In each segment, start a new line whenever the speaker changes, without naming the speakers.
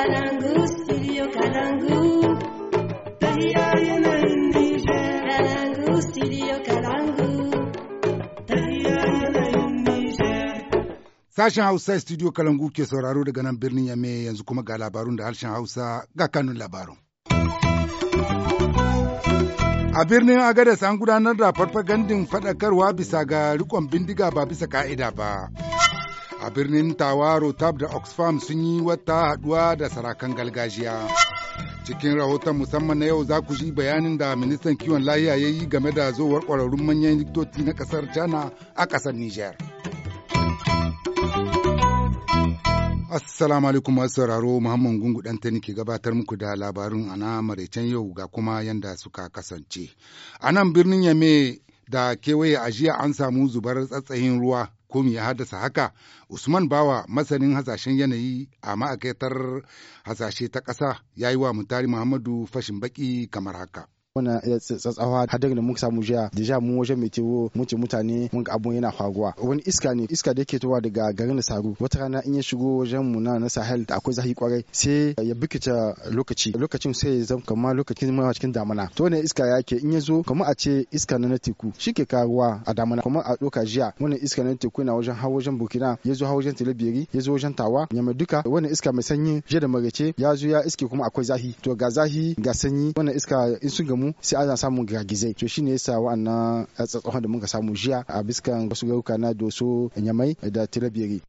Kalangu,
Sashen Hausa studio Kalangu ke sauraro daga nan birnin Yame yanzu kuma ga labarun da harshen Hausa ga kanun labarun. A birnin Agadas an gudanar da farfagandin faɗakarwa bisa ga rikon bindiga ba bisa ka'ida ba. a birnin tawaro tab da oxfam sun yi wata haɗuwa da sarakan gargajiya cikin rahoton musamman na yau za ku ji bayanin da ministan kiwon lahiya ya yi game da zowar ƙwararrun manyan likitoci na ƙasar jana a ƙasar niger assalamu alaikum masu sauraro muhammad gungu ɗan tani ke gabatar muku da labarun ana maraicen yau ga kuma yanda suka kasance a nan birnin yame da kewaye ajiya an samu zubar tsatsayin ruwa ko ya haddasa haka usman bawa masanin hasashen yanayi a ma'aikatar hasashe ta ƙasa ya yi wa mutari muhammadu fashin baki kamar haka
wannan tsatsawa hadari da muka samu jiya da mu wajen meteo mun ce mutane mun ga abun yana faruwa wani iska ne iska da yake towa daga garin da Saru wata rana in ya shigo wajen mu na Sahel da akwai zafi kwarai sai ya bikita lokaci lokacin sai ya zama kamar lokacin ma cikin damana to ne iska yake in ya zo kamar a ce iska na teku shi ke karuwa a damana kamar a doka jiya wannan iska na teku na wajen hawa wajen Burkina ya zo hawa wajen Tilabiri ya zo wajen Tawa Nyamai duka wannan iska mai sanyi jiya da marece ya zo ya iske kuma akwai zahi to ga zahi ga sanyi wannan iska in sun gamu sai ana samun gagizai to shine yasa wa'annan tsatsauhan da muka samu jiya
a biskan wasu gauka na doso nyamai da tirabiri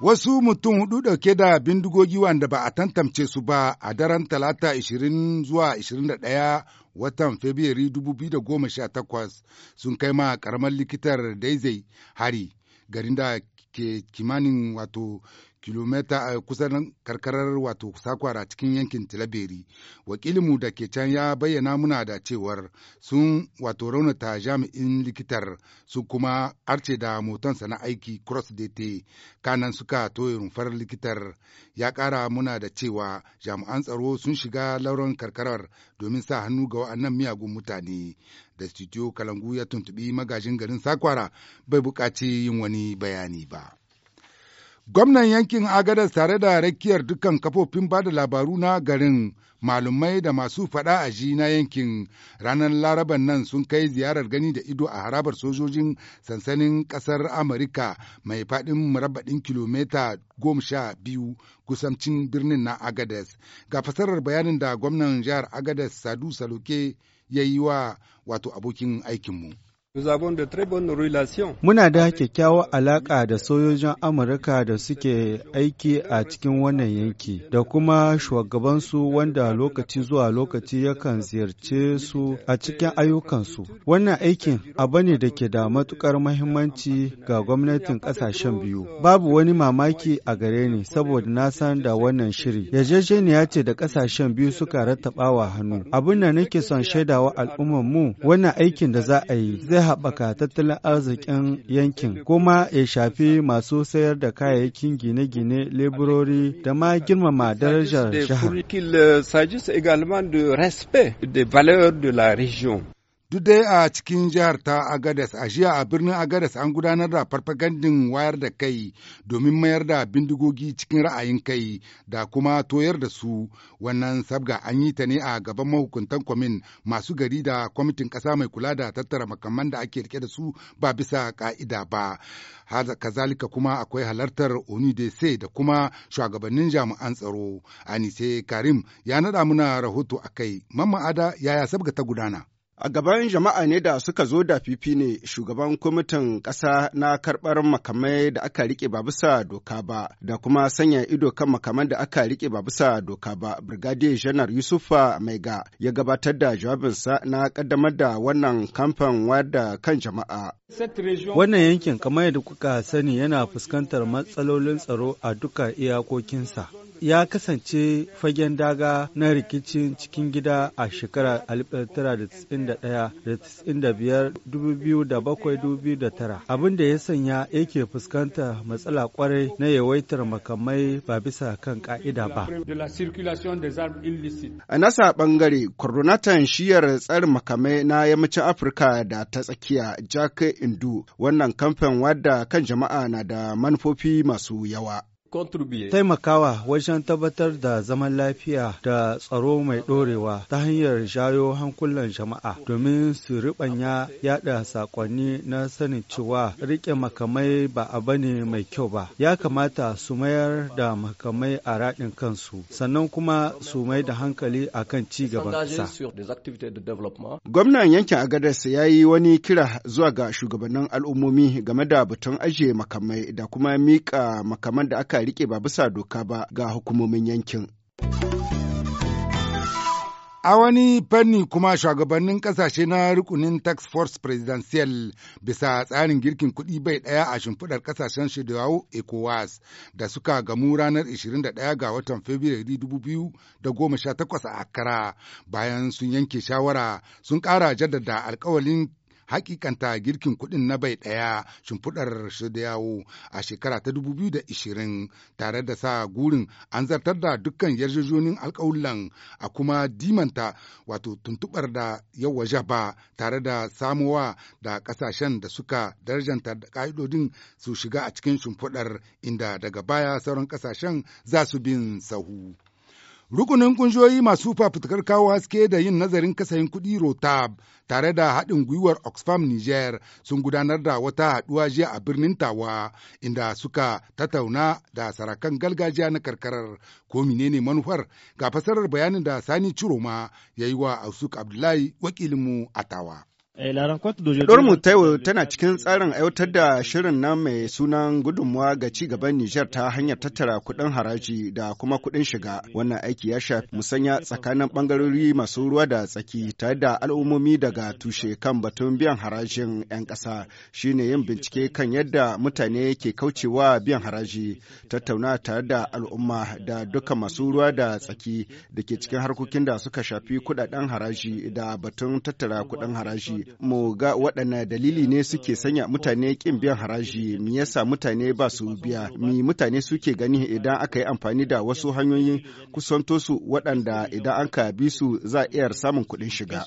Wasu mutum hudu dauke da bindigogi wanda ba a tantance su ba a daren talata 20 zuwa 21 watan Fabrairu 2018 sun kai ma karamar likitar daizai hari garin da ke kimanin wato kilomita a eh, kusan karkarar wato sakwara cikin yankin tilaberi wakilinmu da ke can ya bayyana muna da cewar sun wato raunata jami'in likitar su kuma arce da motonsa na aiki cross dt kanan suka toye rumfar likitar ya kara muna da cewa jami'an tsaro sun shiga lauran karkarar domin sa hannu ga wa'annan miyagun mutane da studio kalangu ya tuntubi magajin garin sakwara bai buƙaci yin wani bayani ba. Gwamnan yankin Agadas tare da rakiyar dukkan kafofin bada labaru na garin malumai da masu faɗa a ji na yankin ranar laraban nan sun kai ziyarar gani da ido a harabar sojojin sansanin ƙasar Amurka mai faɗin murabbaɗin kilomita goma sha biyu kusancin birnin na Agadas. Ga fasarar bayanin da gwamnan jihar Agadas Sadu Saloke ya yi wa wato abokin
aikinmu. Muna da kyakkyawar alaƙa da sojojin Amurka da suke aiki a cikin wannan yanki da kuma shugabansu wanda lokaci zuwa lokaci yakan ziyarce su a cikin ayyukansu. Wannan aikin abu ne da ke da matuƙar mahimmanci ga gwamnatin ƙasashen biyu. Babu wani mamaki a gare ni saboda na san da wannan shiri. Yarjejeniya ce da ƙasashen biyu suka rattaba wa hannu. Abin da nake son shaidawa al'ummar mu wannan aikin da za a yi zai haɓaka tattalin arzikin yankin kuma ya shafi masu sayar da kayayyakin gine-gine leburori da ma girmama darajar jihar. Duk dai a cikin
jihar ta Agadas, a jiya a birnin Agadas an gudanar da farfagandin wayar da kai domin mayar da bindigogi cikin ra'ayin kai da kuma toyar da su wannan sabga an yi ta ne a gaban mahukuntan kwamin masu gari da kwamitin ƙasa mai kula da tattara makamman da ake rike da su ba bisa ka'ida ba. Kazalika kuma akwai halartar Onidese da kuma shugabannin jami'an tsaro. Anise Karim ya nada muna rahoto akai kai. Mamma Ada yaya sabga ta gudana? A gaban jama'a ne da
suka zo da fifi ne shugaban kwamitin ƙasa na karɓar makamai da aka riƙe ba bisa doka ba da kuma sanya ido kan makaman da aka riƙe ba bisa doka ba. Brigadier Janar Yusufa Maiga ya gabatar da jawabinsa na ƙaddamar da wannan kamfan
wada kan jama'a. Wannan yankin kamar yadda kuka sani yana fuskantar matsalolin tsaro a duka iyakokinsa. ya kasance fagen daga na rikicin cikin gida a shekarar 1991 2007 2009 abin da ya sanya yake fuskanta matsala kwarai na yawaitar makamai ba bisa kan ka'ida ba. A nasa
bangare, coronatan shiyar tsarin makamai na yammacin Afirka da ta tsakiya Jack Indu, wannan kamfen wadda kan jama'a na da manufofi
masu yawa. Taimakawa wajen tabbatar da zaman lafiya da tsaro mai ɗorewa ta hanyar shayo hankulan jama'a domin su riɓanya yada sakonni na sanin cewa riƙe makamai ba abu ne mai kyau ba. Ya kamata su mayar da makamai a raɗin kansu sannan kuma su mai da hankali a kan ci gaban ƙasa. Gwamnan yankin Agadas ya yi
wani kira zuwa ga shugabannin al'ummomi game da batun ajiye makamai da kuma miƙa makaman da aka rike ba bisa doka ba ga hukumomin yankin.
A wani fanni kuma shugabannin ƙasashe na rukunin Tax Force Presidential bisa tsarin girkin kuɗi bai ɗaya a shimfiɗar ƙasashen Shidawo ECOWAS da suka gamu ranar 21 ga watan Fabrairu takwas a Accra bayan sun yanke shawara sun ƙara jaddada alkawalin hakikanta girkin kuɗin na bai ɗaya shimfiɗar shi da yawo a shekara ta 2020 tare da sa gurin an zartar da dukkan yarjejonin alkawulan a kuma dimanta wato tuntuɓar da yawa ba tare da samowa da ƙasashen da suka darjanta da ƙa'idodin su shiga a cikin shimfiɗar inda daga baya sauran ƙasashen za su bin sahu. Rukunin kungiyoyi masu fafutukar kawo haske da yin nazarin kasayin kuɗi Rotab tare da haɗin gwiwar Oxfam Niger sun gudanar da wata haɗuwa jiya a birnin Tawa inda suka tattauna da sarakan galgajiya na karkarar ko menene manufar ga fasarar bayanin da Sani Ciroma ya yi wa Ausuk Abdullahi wakilinmu a Tawa. Eh,
Dormu
Taiwo tana cikin tsarin aiwatar da shirin na mai sunan gudunmuwa ga ci gaban Nijar ta hanyar tattara kuɗin haraji da kuma kuɗin shiga. Wannan aiki ya shafi musanya tsakanin ɓangarori masu ruwa da tsaki ta da al'ummomi daga tushe kan batun biyan harajin 'yan ƙasa shine yin bincike kan yadda mutane ke kaucewa biyan haraji, tattauna tare da al'umma da duka masu ruwa da tsaki da ke cikin harkokin da suka shafi kuɗaɗen haraji da batun tattara kuɗin haraji. mu ga waɗanne dalili ne suke sanya mutane ƙin biyan haraji me yasa mutane ba su biya mi mutane suke gani idan aka yi amfani da wasu hanyoyin kusanto su waɗanda
idan an ka bi su za a iya samun kuɗin shiga.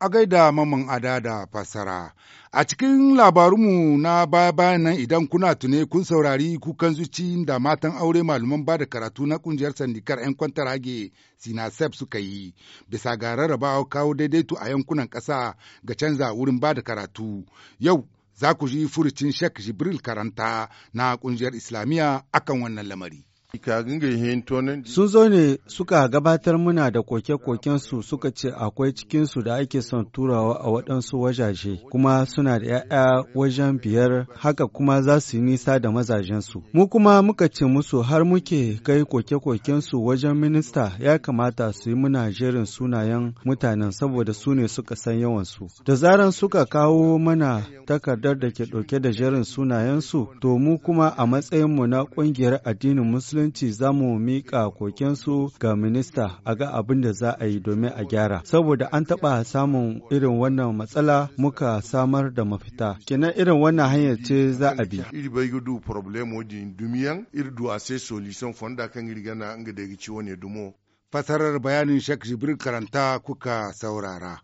A gaida mamman ada da fassara. A cikin labarunmu na baya-bayan nan idan kuna tune kun saurari kukan zuci da matan aure malaman ba da karatu na kungiyar sandikar 'yan kwantar hage sinasef suka yi bisa ga rarrabawa kawo daidaito a yankunan ƙasa ga canza wurin ba da karatu yau za ku ji furucin shek jibril karanta na ƙungiyar islamiyya akan wannan lamari.
Sun zo ne suka gabatar muna da koke-kokensu suka ce akwai cikinsu da ake son turawa a waɗansu wajaje kuma suna da ‘ya'ya wajen biyar haka kuma za su yi nisa da mazajensu. Mu kuma muka ce musu har muke kai koke-kokensu wajen minista ya kamata su yi muna jerin sunayen mutanen saboda su ne suka san yawansu. Da zaran suka kawo mana takardar da ke ɗauke da jerin sunayensu to mu kuma a matsayinmu na ƙungiyar addinin musulunci musulunci za mu miƙa kokensu ga minista a ga abin da za a yi domin a gyara. Saboda an taɓa samun irin wannan matsala muka samar da mafita. Kenan irin wannan hanyar ce za a bi.
fonda kan Fasarar bayanin Sheikh Jibril karanta kuka saurara.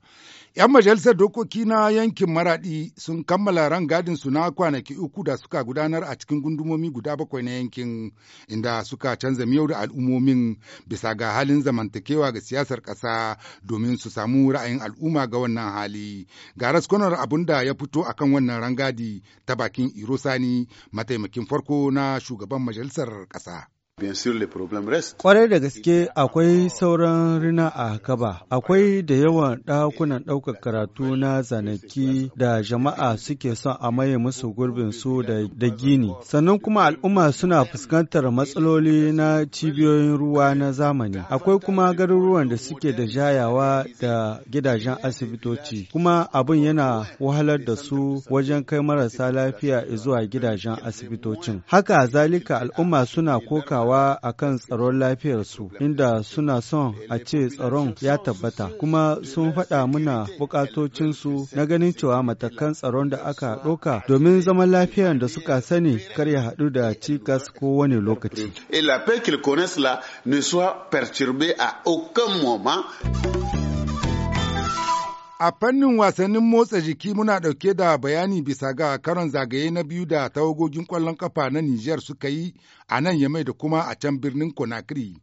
‘Yan majalisar dokoki na yankin Maraɗi sun kammala rangadin su na kwanaki uku da suka gudanar a cikin gundumomi guda bakwai na yankin inda suka canza miyau da al'ummomin bisa ga halin zamantakewa ga siyasar ƙasa domin su samu ra'ayin al'umma ga wannan hali. Ga raskunar abun da ya fito akan wannan rangadi ta bakin Irosani mataimakin farko na shugaban majalisar ƙasa.
Kwarai da gaske akwai sauran rina a kaba akwai da yawan ɗakunan ɗaukar karatu na zanaki da jama'a suke son a maye musu gurbin su da gini. Sannan kuma al'umma suna fuskantar matsaloli na cibiyoyin ruwa na zamani. Akwai kuma garuruwan da suke da jayawa da gidajen asibitoci, kuma abin yana wahalar da su wajen kai marasa lafiya zuwa gidajen asibitocin. Haka zalika al'umma suna kokawa kokawa a kan tsaron lafiyarsu inda suna son a ce tsaron ya tabbata kuma sun faɗa muna bukatocinsu na ganin cewa matakan tsaron da aka ɗauka domin zaman lafiyar da suka sani kar ya haɗu da cikas ko wani lokaci.
Et la paix qu'ils connaissent là ne soit perturbée à aucun moment.
A fannin wasannin motsa jiki muna ɗauke da bayani bisa ga karon zagaye na biyu da tawagogin ƙwallon ƙafa na Nijar suka yi a nan Yamai da kuma a can birnin Conakry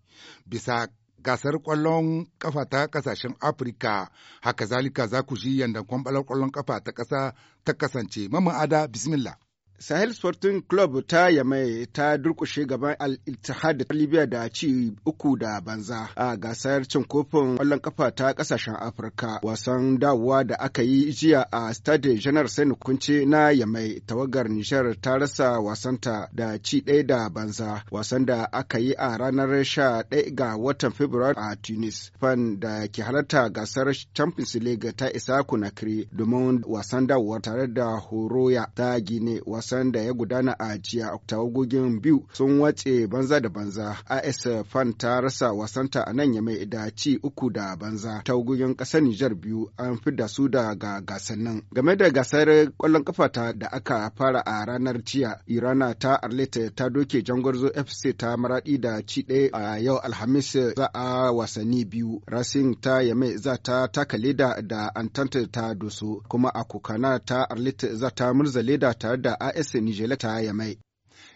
bisa gasar kwallon ƙafa ta ƙasashen Afirka. Haka zalika za ku shi yadda kwamɓalar ƙwallon ƙafa ta ƙasa ta kasance. Mama bismillah.
Sahel Sporting Club ta Yamai ta durkushe gaban Al-Ittihad Libya da ci uku da banza a gasar cin kofin kwallon kafa ta kasashen Afirka. Wasan dawowa da aka yi jiya a Stade Janar Sani Kunce na Yamai tawagar Nijar ta rasa wasanta da ci ɗaya da banza wasan da aka yi a ranar 11 ga watan Fabrairu a Tunis. Fan da ke halarta gasar Champions League ta isa Conakry domin wasan dawowa tare da Horoya ta Gine wasan da ya gudana a jiya tawagogin biyu sun watse banza da banza as fan ta rasa wasanta a nan ya mai da ci uku da banza tawagogin ƙasar nijar biyu an fi da su daga nan. game da gasar kwallon kafa ta da aka fara a ranar jiya irana ta arleta ta doke jangwarzo fc ta maraɗi da ci ɗaya a yau alhamis za a wasanni biyu racing ta yame za ta taka leda da antanta ta doso kuma a kokana ta arleta za ta murza leda tare da RS Nijela
ta Yamai.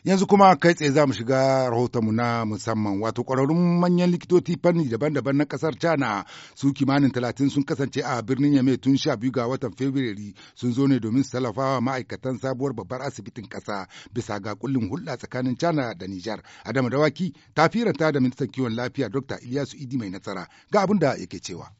Yanzu kuma kai tsaye za mu shiga rahotonmu na musamman wato ƙwararrun manyan likitoci fanni daban-daban na ƙasar China su kimanin talatin sun kasance a birnin Yame tun sha biyu ga watan Fabrairu sun zo ne domin su tallafawa ma'aikatan sabuwar babbar asibitin ƙasa bisa ga kullum hulɗa tsakanin China da Nijar. Adamu Dawaki ta firanta da ministan kiwon lafiya Dr. Ilyasu Idi mai nasara ga abin da yake cewa.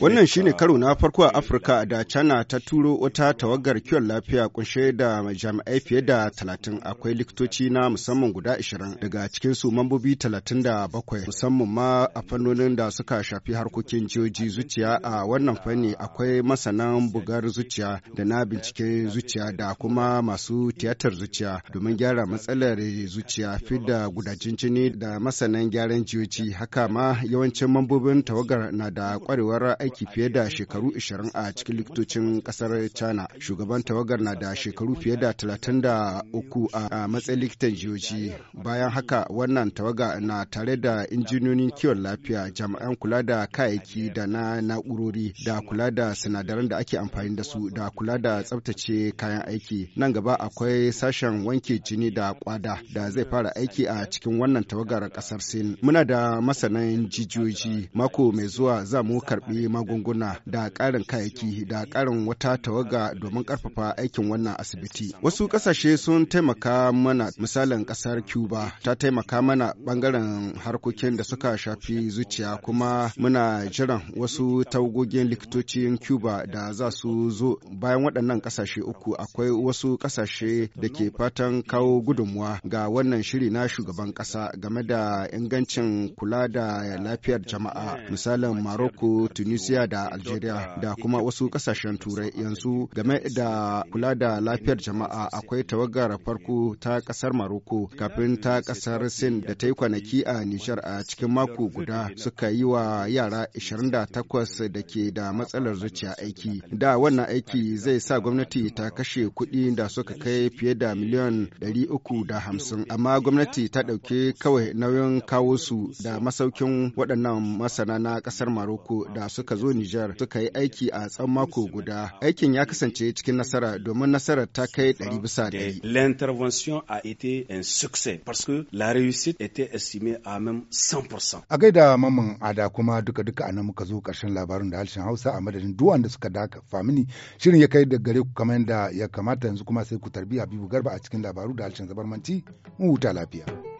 Wannan shine euh, karo
na farko a Afirka da China ta turo wata tawagar kiwon lafiya kunshe da jami'ai fiye da talatin akwai likitoci na musamman guda ashirin daga cikinsu mambobi talatin da bakwai musamman ma a fannonin da suka shafi harkokin jiyoji zuciya a wannan fanni akwai masanan bugar zuciya da na binciken zuciya da kuma masu tiyatar zuciya domin gyara matsalar zuciya da gudajin jini da masanan gyaran jiyoji haka ma yawancin mambobin tawagar na da kwarewar aiki fiye da shekaru 20 a cikin likitocin kasar China. Shugaban tawagar na da shekaru fiye da 33 a matsayin likitan jiyoji. Bayan haka wannan tawaga na tare da injiniyoyin kiwon lafiya, jami'an kula da kayayyaki da na na'urori da kula da sinadaran da ake amfani da su da kula da tsabtace kayan aiki. Nan gaba akwai sashen wanke jini da kwada da zai fara aiki a cikin wannan tawagar kasar Sin. Muna da masanan jijiyoji mako mai zuwa za mu karbi magunguna da karin kayaki da karin wata tawaga domin karfafa aikin wannan asibiti wasu kasashe sun taimaka mana misalin kasar cuba ta taimaka mana bangaren harkokin da suka shafi zuciya kuma muna jiran wasu tawagogin likitocin cuba da za su zo bayan waɗannan kasashe uku akwai wasu kasashe da ke fatan kawo gudunmuwa ga wannan shiri na shugaban ƙasa game da ingancin kula da lafiyar jama'a misalin Morocco, Tunisia da Algeria da kuma wasu kasashen Turai yanzu game da kula da lafiyar jama'a akwai tawagar farko ta kasar Morocco kafin ta kasar Sin da ta yi kwanaki a Nijar a cikin mako guda suka yi wa yara 28 da ke da matsalar zuciya aiki. Da wannan aiki zai sa gwamnati ta kashe kuɗi da suka kai fiye da miliyan 350 amma gwamnati ta ɗauki kawai nauyin kawo su da masaukin waɗannan masana na kasar Maroko da suka zo Nijar suka yi aiki a tsan mako guda. Aikin ya kasance cikin nasara domin nasarar ta kai ɗari bisa ɗari. L'intervention a été un succès parce que la réussite était estimée
à même 100%. A gaida maman ada kuma duka-duka a nan muka zo karshen labarin da harshen Hausa a madadin duwan da suka daka famini shirin ya kai da gare ku kamar yadda ya kamata yanzu kuma sai ku tarbi Habibu Garba a cikin labaru da harshen zabarmanci mu huta lafiya.